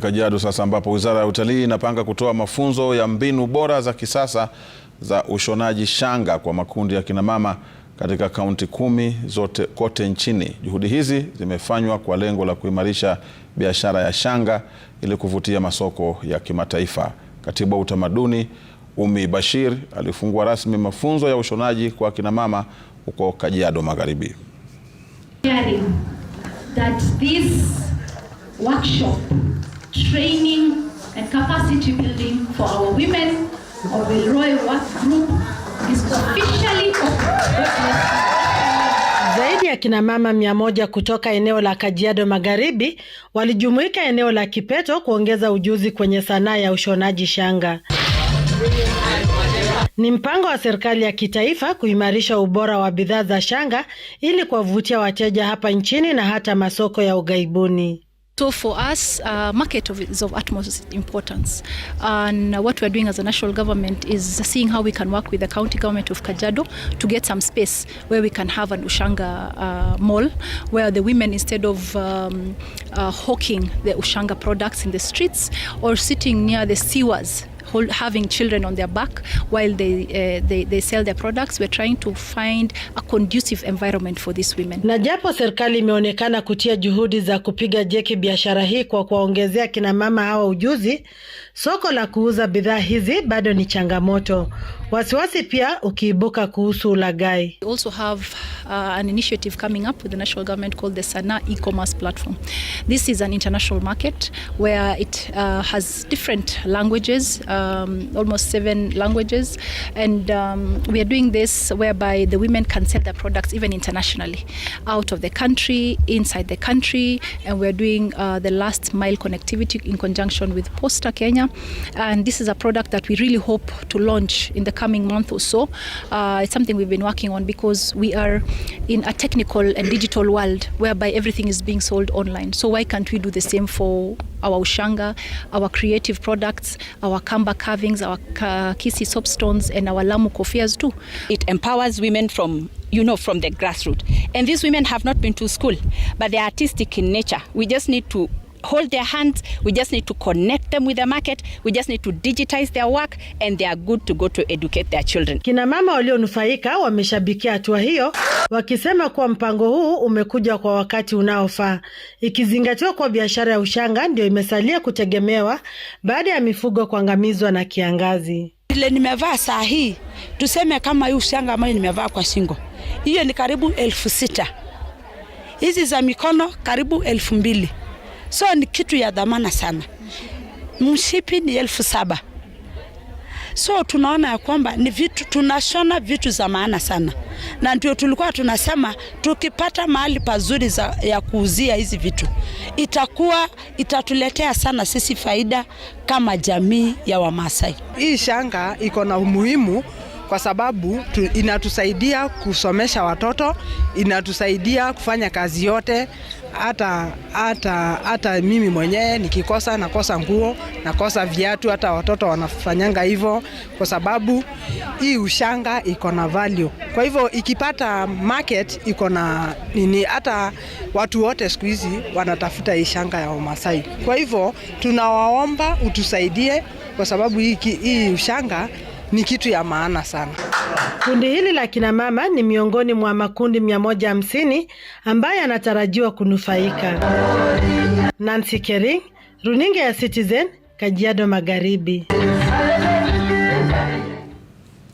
Kajiado sasa ambapo Wizara ya Utalii inapanga kutoa mafunzo ya mbinu bora za kisasa za ushonaji shanga kwa makundi ya kinamama katika kaunti kumi zote kote nchini. Juhudi hizi zimefanywa kwa lengo la kuimarisha biashara ya shanga ili kuvutia masoko ya kimataifa. Katibu wa Utamaduni Umi Bashir alifungua rasmi mafunzo ya ushonaji kwa kinamama huko Kajiado Magharibi. That this workshop training and capacity building for our women of the Royal Work Group is officially zaidi ya kina mama mia moja kutoka eneo la Kajiado Magharibi walijumuika eneo la Kipeto kuongeza ujuzi kwenye sanaa ya ushonaji shanga. Ni mpango wa serikali ya kitaifa kuimarisha ubora wa bidhaa za shanga ili kuwavutia wateja hapa nchini na hata masoko ya ughaibuni. So for us, uh, market of, is of utmost importance. And what we are doing as a national government is seeing how we can work with the county government of kajado to get some space where we can have an Ushanga uh, mall where the women instead of um, uh, hawking the Ushanga products in the streets or sitting near the sewers hold, having children on their back while they, uh, they, they sell their products. We're trying to find a conducive environment for these women. Na japo serikali imeonekana kutia juhudi za kupiga jeki biashara hii kwa kuwaongezea kinamama hawa ujuzi, soko la kuuza bidhaa hizi bado ni changamoto. Wasiwasi pia ukiibuka kuhusu ulaghai. Also have uh, an initiative coming up with the national government called the Sana e-commerce platform. This is an international market where it uh, has different languages, um, almost seven languages, and um, we are doing this whereby the women can sell their products even internationally, out of the country, inside the country, and we're doing uh, the last mile connectivity in conjunction with Posta Kenya, and this is a product that we really hope to launch in the coming month or so. Uh, it's something we've been working on because we are in a technical and digital world whereby everything is being sold online. So why can't we do the same for our ushanga, our creative products, our kamba carvings, our kisi soapstones and our lamu kofias too? It empowers women from you know, from the grassroots. And these women have not been to school, but they're artistic in nature. We just need to hold their hands. We just need to connect them with the market. We just need to digitize their work and they are good to go to educate their children. Kina mama walionufaika wameshabikia hatua hiyo wakisema kuwa mpango huu umekuja kwa wakati unaofaa ikizingatiwa kuwa biashara ya ushanga ndio imesalia kutegemewa baada ya mifugo kuangamizwa na kiangazi. Ile nimevaa saa hii, tuseme kama hii ushanga ambayo nimevaa kwa shingo hiyo ni karibu elfu sita hizi za mikono karibu elfu mbili so ni kitu ya dhamana sana. Mshipi ni elfu saba so tunaona ya kwamba ni vitu tunashona vitu za maana sana, na ndio tulikuwa tunasema tukipata mahali pazuri za, ya kuuzia hizi vitu itakuwa itatuletea sana sisi faida kama jamii ya Wamasai. Hii shanga iko na umuhimu kwa sababu tu, inatusaidia kusomesha watoto, inatusaidia kufanya kazi yote. Hata hata hata mimi mwenyewe nikikosa, nakosa nguo, nakosa viatu, hata watoto wanafanyanga hivyo, kwa sababu hii ushanga iko na value. Kwa hivyo ikipata market iko na nini, hata watu wote siku hizi wanatafuta hii shanga ya Wamasai. Kwa hivyo tunawaomba utusaidie, kwa sababu hii, hii ushanga ni kitu ya maana sana. Kundi hili la kinamama ni miongoni mwa makundi 150 ambaye anatarajiwa kunufaika. Nancy Kering, runinga ya Citizen, Kajiado Magharibi.